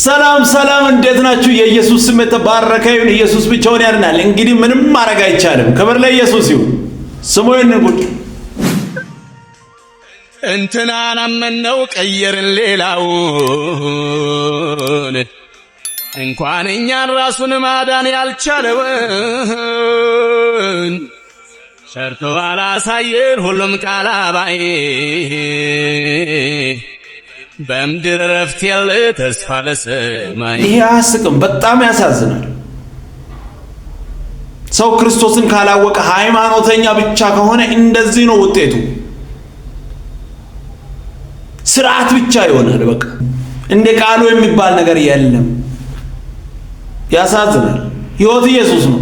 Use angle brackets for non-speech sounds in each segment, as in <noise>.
ሰላም ሰላም፣ እንዴት ናችሁ? የኢየሱስ ስም የተባረከ ይሁን። ኢየሱስ ብቻውን ያድናል። እንግዲህ ምንም ማድረግ አይቻልም። ክብር ለኢየሱስ ይሁን። ስሙ ይህንን እንትናን አመነው ቀየርን ሌላውን እንኳን እኛን ራሱን ማዳን ያልቻለውን ሰርቶ አላሳየን ሁሉም ቃላባይ በምድር እረፍት ያለ ተስፋ ለሰማይ። ይሄ አያስቅም? በጣም ያሳዝናል። ሰው ክርስቶስን ካላወቀ ሃይማኖተኛ ብቻ ከሆነ እንደዚህ ነው ውጤቱ። ስርዓት ብቻ ይሆናል። በቃ እንደ ቃሉ የሚባል ነገር የለም። ያሳዝናል። ህይወት ኢየሱስ ነው።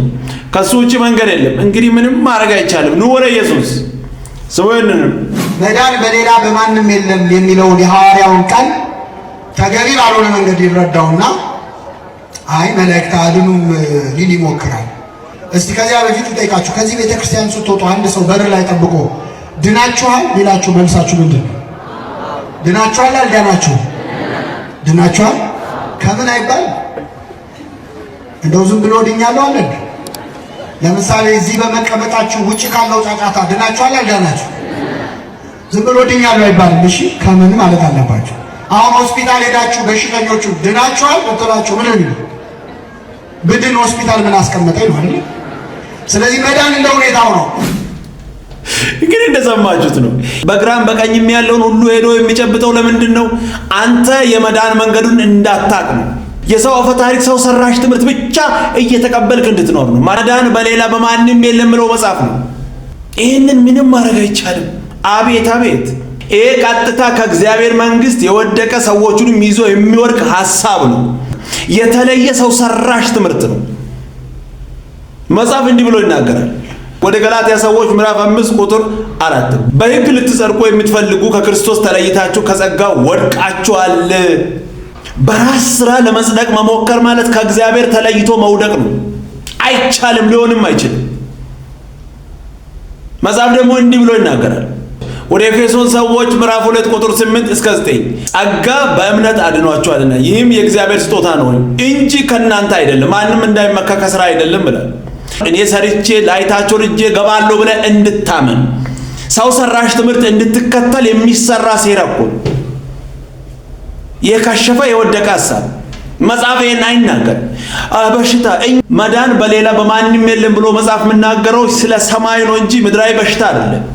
ከሱ ውጭ መንገድ የለም። እንግዲህ ምንም ማድረግ አይቻልም። ኑ ወደ ኢየሱስ ስሙ መዳን በሌላ በማንም የለም የሚለውን የሐዋርያውን ቃል ተገቢ ባልሆነ መንገድ ይረዳውና አይ መላእክት አያድኑም ሊል ይሞክራል። እስቲ ከዚያ በፊት ልጠይቃችሁ፣ ከዚህ ቤተ ክርስቲያን ስትወጡ አንድ ሰው በር ላይ ጠብቆ ድናችኋል ሌላችሁ መልሳችሁ ምንድን ነው? ድናችኋል አልዳናችሁ? ድናችኋል ከምን አይባል እንደው ዝም ብሎ ድኛለሁ አለን። ለምሳሌ እዚህ በመቀመጣችሁ ውጭ ካለው ጫጫታ ድናችኋል አልዳናችሁ? ዝም ብሎ ድኛለሁ አይባልም። እሺ ከምን ማለት አለባቸው። አሁን ሆስፒታል ሄዳችሁ በሽተኞቹ ድናችኋል ብትሏቸው ምን ነው ብድን ሆስፒታል ምን አስቀመጠኝ ነው አይደል? ስለዚህ መዳን እንደ ሁኔታው ነው። እንግዲህ እንደሰማችሁት ነው። በግራም በቀኝም ያለውን ሁሉ ሄዶ የሚጨብጠው ለምንድን ነው? አንተ የመዳን መንገዱን እንዳታቅ ነው። የሰው አፈ ታሪክ ሰው ሰራሽ ትምህርት ብቻ እየተቀበልክ እንድትኖር ነው። መዳን በሌላ በማንም የለም ብለው መጽሐፍ ነው። ይህንን ምንም ማድረግ አይቻልም። አቤት አቤት! ይሄ ቀጥታ ከእግዚአብሔር መንግስት የወደቀ ሰዎቹንም ይዞ የሚወድቅ ሀሳብ ነው። የተለየ ሰው ሰራሽ ትምህርት ነው። መጽሐፍ እንዲህ ብሎ ይናገራል። ወደ ገላትያ ሰዎች ምዕራፍ አምስት ቁጥር አራት በሕግ ልትጸድቁ የምትፈልጉ ከክርስቶስ ተለይታችሁ ከጸጋ ወድቃችኋል። በራስ ስራ ለመጽደቅ መሞከር ማለት ከእግዚአብሔር ተለይቶ መውደቅ ነው። አይቻልም፣ ሊሆንም አይችልም። መጽሐፍ ደግሞ እንዲህ ብሎ ይናገራል ወደ ኤፌሶን ሰዎች ምዕራፍ 2 ቁጥር 8 እስከ 9 ጸጋ በእምነት አድኗቸዋልና ይህም የእግዚአብሔር ስጦታ ነው እንጂ ከእናንተ አይደለም፣ ማንም እንዳይመካ ከስራ አይደለም ብለ እኔ ሰርቼ ላይታቸው ልጄ ገባለሁ ብለ እንድታመን ሰው ሰራሽ ትምህርት እንድትከተል የሚሰራ ሴራ እኮ የከሸፈ የወደቀ ሀሳብ መጽሐፍ ይሄን አይናገር። በሽታ መዳን በሌላ በማንም የለም ብሎ መጽሐፍ የምናገረው ስለ ሰማይ ነው እንጂ ምድራዊ በሽታ አይደለም።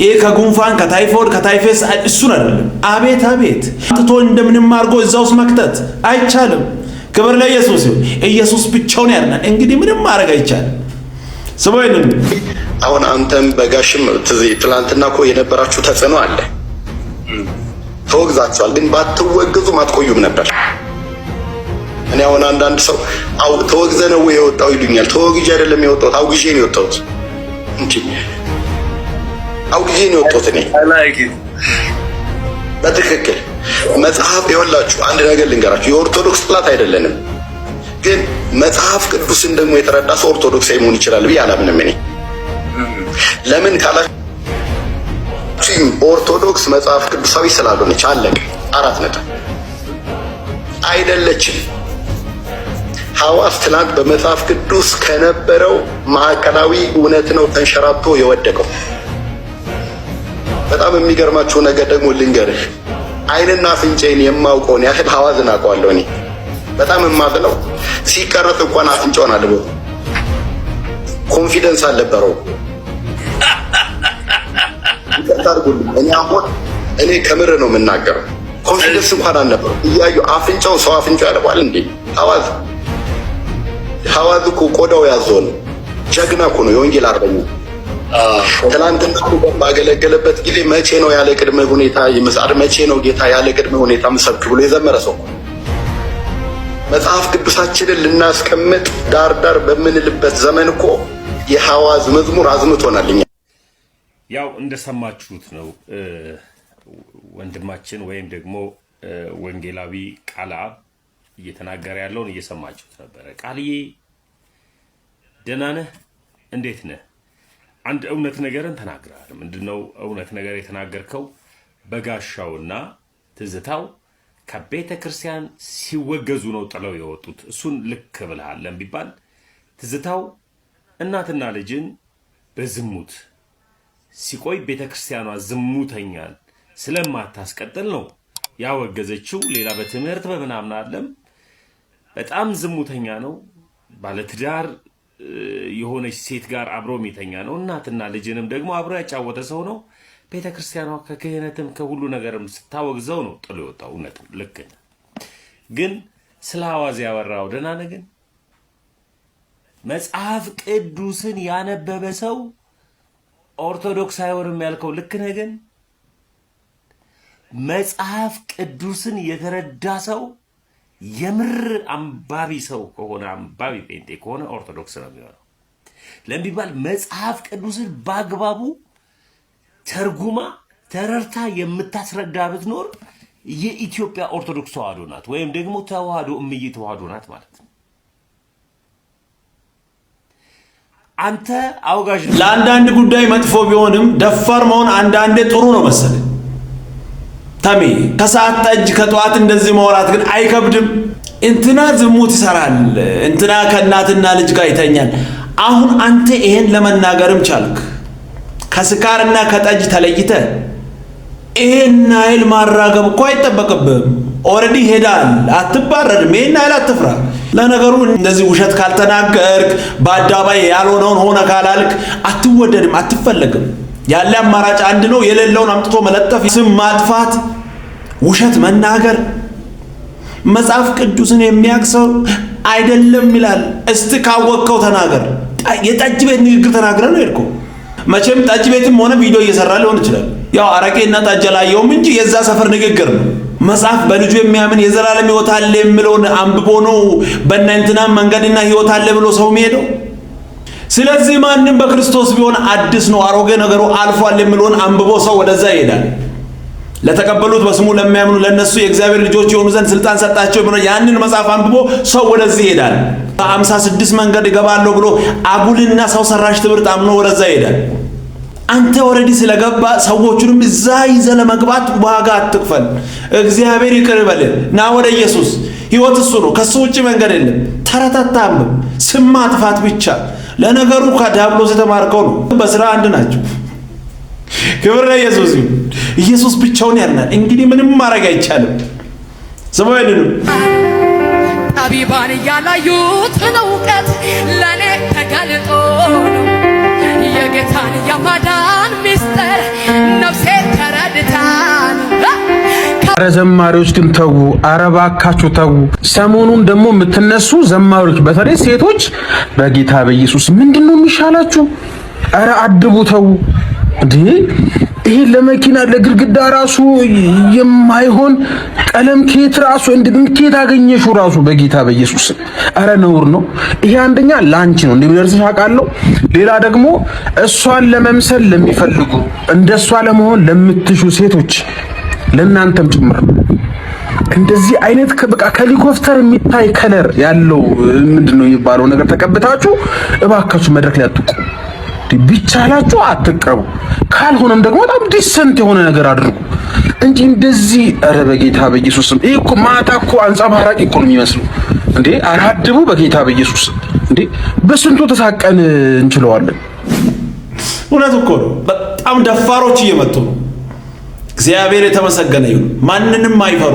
ይሄ ከጉንፋን ከታይፎድ ከታይፌስ እሱን አይደለም። አቤት አቤት አጥቶ እንደምንም አድርጎ እዛ ውስጥ መክተት አይቻልም። ክብር ለኢየሱስ ይሁን። ኢየሱስ ብቻውን ያድናል። እንግዲህ ምንም ማድረግ አይቻልም። ስበይን አሁን አንተም በጋሽም ትላንትና እኮ የነበራችሁ ተጽዕኖ አለ። ተወግዛችኋል፣ ግን ባትወግዙም አትቆዩም ነበር። እኔ አሁን አንዳንድ ሰው ተወግዘ ነው የወጣው ይሉኛል። ተወግዤ አይደለም የወጣሁት፣ አውግዤ ነው የወጣሁት። አውግዤ ነው የወጣሁት እኔ በትክክል መጽሐፍ የወላችሁ አንድ ነገር ልንገራችሁ፣ የኦርቶዶክስ ጥላት አይደለንም። ግን መጽሐፍ ቅዱስን ደግሞ የተረዳ ሰው ኦርቶዶክስ መሆን ይችላል ብዬ አላምንም እኔ። ለምን ካላችሁ ኦርቶዶክስ መጽሐፍ ቅዱሳዊ ስላልሆነች አለቀ። አራት ነጥብ አይደለችም። ሐዋስ ትናንት በመጽሐፍ ቅዱስ ከነበረው ማዕከላዊ እውነት ነው ተንሸራቶ የወደቀው። በጣም የሚገርማችሁ ነገር ደግሞ ልንገርሽ፣ አይንና አፍንጫዬን የማውቀውን ያህል ሀዋዝን አውቀዋለሁ። እኔ በጣም የማዝነው ሲቀረጽ እንኳን አፍንጫውን አልቦ ኮንፊደንስ አልነበረው። እኔ አሁን እኔ ከምር ነው የምናገረው። ኮንፊደንስ እንኳን አልነበረው። እያዩ አፍንጫው ሰው አፍንጫው ያልቋል እንዴ? ሀዋዝ ሀዋዝ እኮ ቆዳው ያዞ ነው። ጀግና እኮ ነው የወንጌል አርበኛ ትናንትና ባገለገለበት ጊዜ መቼ ነው ያለ ቅድመ ሁኔታ ይመስል መቼ ነው ጌታ ያለ ቅድመ ሁኔታ ምሰብክ ብሎ የዘመረ ሰው መጽሐፍ ቅዱሳችንን ልናስቀምጥ ዳር ዳር በምንልበት ዘመን እኮ የሐዋዝ መዝሙር አዝምቶናል። እኛ ያው እንደሰማችሁት ነው ወንድማችን ወይም ደግሞ ወንጌላዊ ቃል አብ እየተናገረ ያለውን እየሰማችሁት ነበረ። ቃልዬ ደህና ነህ? እንዴት ነህ? አንድ እውነት ነገርን ተናግረሃል። ምንድነው እውነት ነገር የተናገርከው? በጋሻውና ትዝታው ከቤተ ክርስቲያን ሲወገዙ ነው ጥለው የወጡት። እሱን ልክ ብልሃል ቢባል ትዝታው እናትና ልጅን በዝሙት ሲቆይ ቤተ ክርስቲያኗ ዝሙተኛን ስለማታስቀጥል ነው ያወገዘችው። ሌላ በትምህርት በምናምን አለም በጣም ዝሙተኛ ነው ባለትዳር የሆነች ሴት ጋር አብሮ የሚተኛ ነው። እናትና ልጅንም ደግሞ አብሮ ያጫወተ ሰው ነው። ቤተ ክርስቲያኗ ከክህነትም ከሁሉ ነገርም ስታወግዘው ነው ጥሎ የወጣው። እውነት ልክ ግን ስለ አዋዝ ያወራው ደህና ነህ። ግን መጽሐፍ ቅዱስን ያነበበ ሰው ኦርቶዶክስ አይሆንም ያልከው ልክ ነህ። ግን መጽሐፍ ቅዱስን የተረዳ ሰው የምር አንባቢ ሰው ከሆነ አንባቢ ጴንጤ ከሆነ ኦርቶዶክስ ነው የሚሆነው ለሚባል መጽሐፍ ቅዱስን በአግባቡ ተርጉማ ተረርታ የምታስረዳ ብትኖር የኢትዮጵያ ኦርቶዶክስ ተዋህዶ ናት፣ ወይም ደግሞ ተዋህዶ እምዬ ተዋህዶ ናት ማለት ነው። አንተ አውጋዥ ለአንዳንድ ጉዳይ መጥፎ ቢሆንም ደፋር መሆን አንዳንዴ ጥሩ ነው መሰለኝ። ተሜ ከሰዓት ጠጅ ከጠዋት እንደዚህ መውራት ግን አይከብድም? እንትና ዝሙት ይሰራል፣ እንትና ከእናትና ልጅ ጋር ይተኛል። አሁን አንተ ይሄን ለመናገርም ቻልክ። ከስካርና ከጠጅ ተለይተ ይሄን ናይል ማራገብ እኮ አይጠበቅብም። ኦልሬዲ ሄዳል፣ አትባረድም። ይሄን ናይል አትፍራ። ለነገሩ እንደዚህ ውሸት ካልተናገርክ፣ በአደባባይ ያልሆነውን ሆነ ካላልክ፣ አትወደድም፣ አትፈለግም። ያለ አማራጭ አንድ ነው። የሌለውን አምጥቶ መለጠፍ፣ ስም ማጥፋት፣ ውሸት መናገር መጽሐፍ ቅዱስን የሚያቅሰው አይደለም ይላል። እስቲ ካወቅከው ተናገር። የጠጅ ቤት ንግግር ተናግረ ነው የሄድከው። መቼም ጠጅ ቤትም ሆነ ቪዲዮ እየሰራ ሊሆን ይችላል። ያው አረቄና ጠጅ ላየውም እንጂ የዛ ሰፈር ንግግር ነው። መጽሐፍ በልጁ የሚያምን የዘላለም ሕይወት አለ የሚለውን አንብቦ ነው በእናንትና መንገድና ሕይወት አለ ብሎ ሰው የሚሄደው። ስለዚህ ማንም በክርስቶስ ቢሆን አዲስ ነው፣ አሮጌ ነገሩ አልፏል የሚለውን አንብቦ ሰው ወደዛ ይሄዳል። ለተቀበሉት በስሙ ለሚያምኑ ለነሱ የእግዚአብሔር ልጆች የሆኑ ዘንድ ስልጣን ሰጣቸው ብሎ ያንን መጽሐፍ አንብቦ ሰው ወደዚህ ይሄዳል። በአምሳ ስድስት መንገድ እገባለሁ ብሎ አጉልና ሰው ሰራሽ ትምህርት አምኖ ወደዛ ይሄዳል። አንተ ወረዲ ስለገባ ሰዎቹንም እዛ ይዘ ለመግባት ዋጋ አትክፈል። እግዚአብሔር ይቅር በል ና ወደ ኢየሱስ። ህይወት እሱ ነው፣ ከሱ ውጭ መንገድ የለም። ተረታታም ስም ማጥፋት ብቻ ለነገሩ ከዲያብሎስ የተማርከው ነው። በስራ አንድ ናቸው። ክብር ለኢየሱስ ይሁን። ኢየሱስ ብቻውን ያድናል። እንግዲህ ምንም ማድረግ አይቻልም። ስሙ አይደሉም ጠቢባን እያላዩት ነው እውቀት ለእኔ ተጋልጦ ነው የጌታን የማዳን ምስጢር ነፍሴ ተረድታ ነው አረ ዘማሪዎች ግን ተዉ፣ አረ እባካችሁ ተዉ። ሰሞኑን ደግሞ የምትነሱ ዘማሪዎች በተለይ ሴቶች በጌታ በኢየሱስ ምንድን ነው የሚሻላችሁ? አረ አድቡ ተዉ እንዴ! ይሄ ለመኪና ለግድግዳ ራሱ የማይሆን ቀለም ኬት ራሱ ኬት አገኘሽው? ራሱ በጌታ በኢየሱስ አረ ነውር ነው ይሄ። አንደኛ ላንቺ ነው እንደሚደርስሽ አውቃለሁ። ሌላ ደግሞ እሷን ለመምሰል ለሚፈልጉ እንደሷ ለመሆን ለምትሹ ሴቶች ለእናንተም ጭምር እንደዚህ አይነት በቃ ከሄሊኮፕተር የሚታይ ከለር ያለው ምንድን ነው የሚባለው ነገር ተቀብታችሁ እባካችሁ መድረክ ላይ አትቁ። ቢቻላችሁ አትቀቡ። ካልሆነም ደግሞ በጣም ዲሰንት የሆነ ነገር አድርጉ እንጂ እንደዚህ ኧረ በጌታ በኢየሱስም ይሄ እኮ ማታ እኮ አንጸባራቂ እኮ ነው የሚመስሉ እንዴ! አራድቡ በጌታ በኢየሱስ እንዴ! በስንቱ ተሳቀን እንችለዋለን። እውነት እኮ ነው። በጣም ደፋሮች እየመጡ ነው። እግዚአብሔር የተመሰገነ ይሁን። ማንንም አይፈሩ።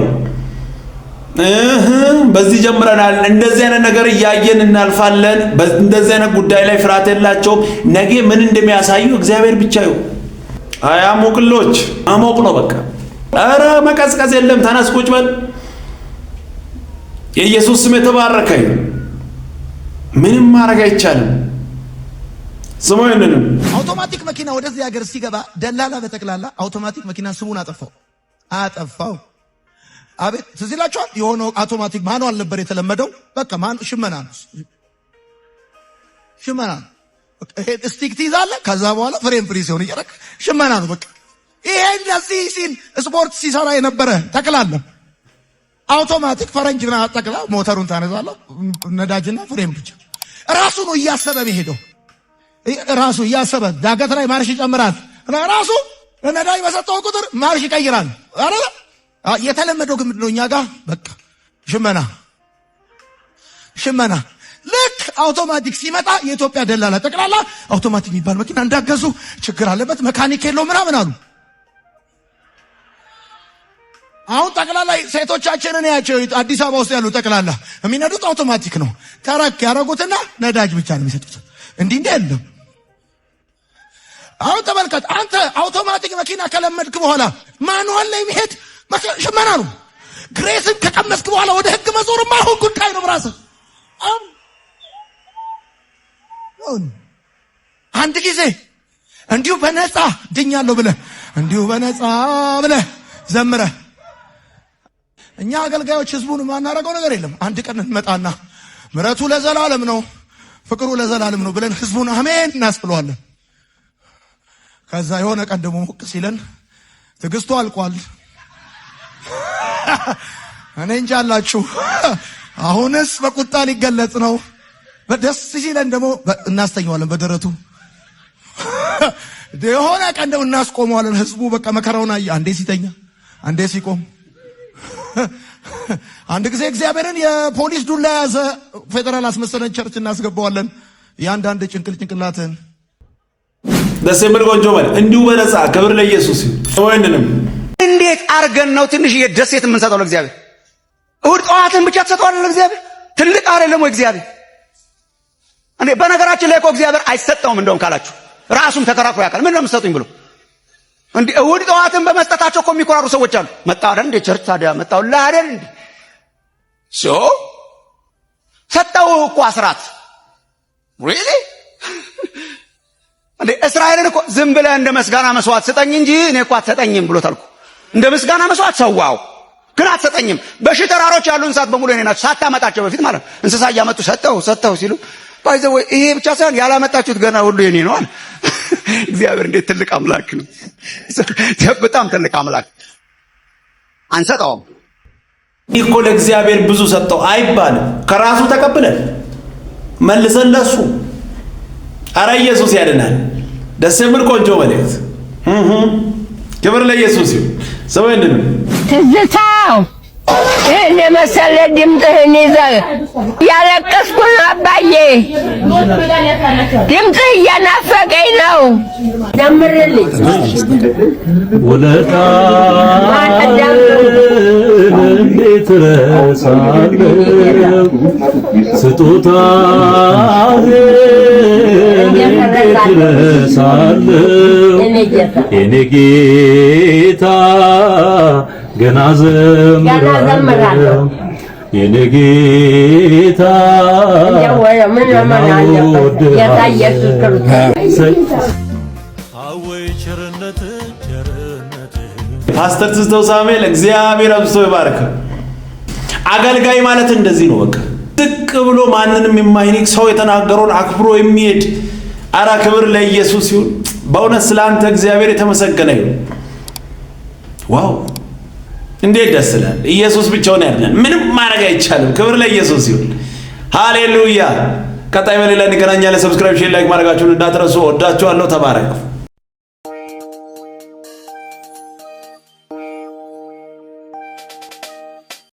በዚህ ጀምረናል። እንደዚህ አይነት ነገር እያየን እናልፋለን። እንደዚህ አይነት ጉዳይ ላይ ፍርሃት የላቸውም። ነገ ምን እንደሚያሳዩ እግዚአብሔር ብቻ ይሁን። አያሞቅሎች አሞቅ ነው በቃ። ኧረ መቀዝቀዝ የለም። ተነስ ቁጭ በል። የኢየሱስ ስም የተባረከ ይሁን። ምንም ማድረግ አይቻልም። ስሙ ይንንም አውቶማቲክ መኪና ወደዚህ ሀገር ሲገባ ደላላ በጠቅላላ አውቶማቲክ መኪና ስሙን አጠፋው አጠፋው። አቤት ትዝ ይላችኋል። የሆነ አውቶማቲክ ማንዋል ነበር የተለመደው። በቃ ማን ሽመና ነው ሽመና ነው። ስቲክ ትይዛለህ፣ ከዛ በኋላ ፍሬም ፍሪ ሲሆን እየረክ ሽመና ነው በቃ። ይሄ እንደዚህ ሲል ስፖርት ሲሰራ የነበረ ተክላለ አውቶማቲክ ፈረንጅና ጠቅላ ሞተሩን ታነዛለህ፣ ነዳጅና ፍሬም ብቻ ራሱ ነው እያሰበ ሄደው ራሱ እያሰበ ዳገት ላይ ማርሽ ይጨምራል። ራሱ ነዳጅ በሰጠው ቁጥር ማርሽ ይቀይራል። የተለመደው ግን ምንድን እኛ በቃ ሽመና ሽመና። ልክ አውቶማቲክ ሲመጣ የኢትዮጵያ ደላላ ጠቅላላ አውቶማቲክ የሚባል መኪና እንዳገዙ ችግር አለበት፣ መካኒክ የለው ምናምን አሉ። አሁን ጠቅላላ ሴቶቻችንን ያቸው አዲስ አበባ ውስጥ ያሉ ጠቅላላ የሚነዱት አውቶማቲክ ነው። ተረክ ያደረጉትና ነዳጅ ብቻ ነው የሚሰጡት። እንዲህ እንዲህ የለም አሁን ተመልከት አንተ አውቶማቲክ መኪና ከለመድክ በኋላ ማንዋል ላይ መሄድ ሽመና ነው። ግሬስን ከቀመስክ በኋላ ወደ ህግ መዞር አሁን ጉዳይ ነው ራስ አንድ ጊዜ እንዲሁ በነፃ ድኛለሁ ብለ እንዲሁ በነፃ ብለ ዘምረ እኛ አገልጋዮች ህዝቡን የማናረገው ነገር የለም። አንድ ቀን እንመጣና ምረቱ ለዘላለም ነው ፍቅሩ ለዘላለም ነው ብለን ህዝቡን አሜን እናስብለዋለን። ከዛ የሆነ ቀን ደግሞ ሞቅ ሲለን ትግስቱ አልቋል። እኔ እንጃ አላችሁ። አሁንስ በቁጣ ሊገለጽ ነው። ደስ ሲለን ደግሞ እናስተኛዋለን በደረቱ የሆነ ቀን ደግሞ እናስቆመዋለን። ህዝቡ በቃ መከራውን አየ። አንዴ ሲተኛ፣ አንዴ ሲቆም። አንድ ጊዜ እግዚአብሔርን የፖሊስ ዱላ የያዘ ፌዴራል አስመሰለን ቸርች እናስገባዋለን። የአንዳንድ ጭንቅል ጭንቅላትን ደስ የሚል ቆንጆ በል እንዲሁ በነፃ ክብር ለኢየሱስ ወይንንም እንዴት አርገን ነው ትንሽ ደሴት የምንሰጠው ለእግዚአብሔር? እሁድ ጠዋትን ብቻ ትሰጠዋለ ለእግዚአብሔር? ትልቅ አይደለም ወይ እግዚአብሔር? እንዴ በነገራችን ላይ እኮ እግዚአብሔር አይሰጠውም። እንደውም ካላችሁ ራሱም ተከራክሮ ያውቃል። ምን ነው የምትሰጡኝ ብሎ እንዴ እሁድ ጠዋትን በመስጠታቸው እኮ የሚኮራሩ ሰዎች አሉ። መጣ አይደል እንዴ ቸርች ታዲያ መጣው አይደል እንዴ ሶ ሰጠው እኮ አስራት ሪሊ እንዴ እስራኤልን እኮ ዝም ብለህ እንደ ምስጋና መስዋዕት ስጠኝ እንጂ እኔ እኮ አትሰጠኝም ብሎ እኮ። እንደ ምስጋና መስዋዕት ሰዋው ግን አትሰጠኝም። በሺህ ተራሮች ያሉ እንስሳት በሙሉ እኔ ናቸው ሳታመጣቸው በፊት ማለት እንስሳ እያመጡ ሰጠው ሰጠው ሲሉ ወይ ይሄ ብቻ ሳይሆን ያላመጣችሁት ገና ሁሉ የኔ ነው አለ። <laughs> እግዚአብሔር እንዴት ትልቅ አምላክ ነው! <laughs> በጣም ትልቅ አምላክ አንሰጠውም እኮ ለእግዚአብሔር ብዙ ሰጠው አይባልም። ከራሱ ተቀብለን መልሰን ለሱ አረ ኢየሱስ ያድናል። ደስ የሚል ቆንጆ መልእክት። ክብር ለኢየሱስ ይሁን። ሰው ትዝታው መሰለ ድምፅህን ይዘህ እያለቀስኩ ነው አባዬ። ድምፅህ እያናፈቀኝ ነው። ዘምርልኝ ውለታ እንዴት የኔ ጌታ ገና ዘምራለሁ የኔ ጌታ ፓስተር ትዝታው ሳሙኤል እግዚአብሔር አብዝቶ ይባርክ። አገልጋይ ማለት እንደዚህ ነው። በቃ ዝቅ ብሎ ማንንም የማይንቅ ሰው የተናገረውን አክብሮ የሚሄድ አራ ክብር ለኢየሱስ ይሁን። በእውነት ስለ አንተ እግዚአብሔር የተመሰገነ ይሁን። ዋው እንዴት ደስ ይላል! ኢየሱስ ብቻውን ያድናል። ምንም ማድረግ አይቻልም። ክብር ለኢየሱስ ይሁን። ሃሌሉያ። ቀጣይ በሌላ እንገናኛለን። ሰብስክራይብ፣ ሼር፣ ላይክ ማድረጋችሁን እንዳትረሱ። ወዳችኋለሁ። ተባረኩ።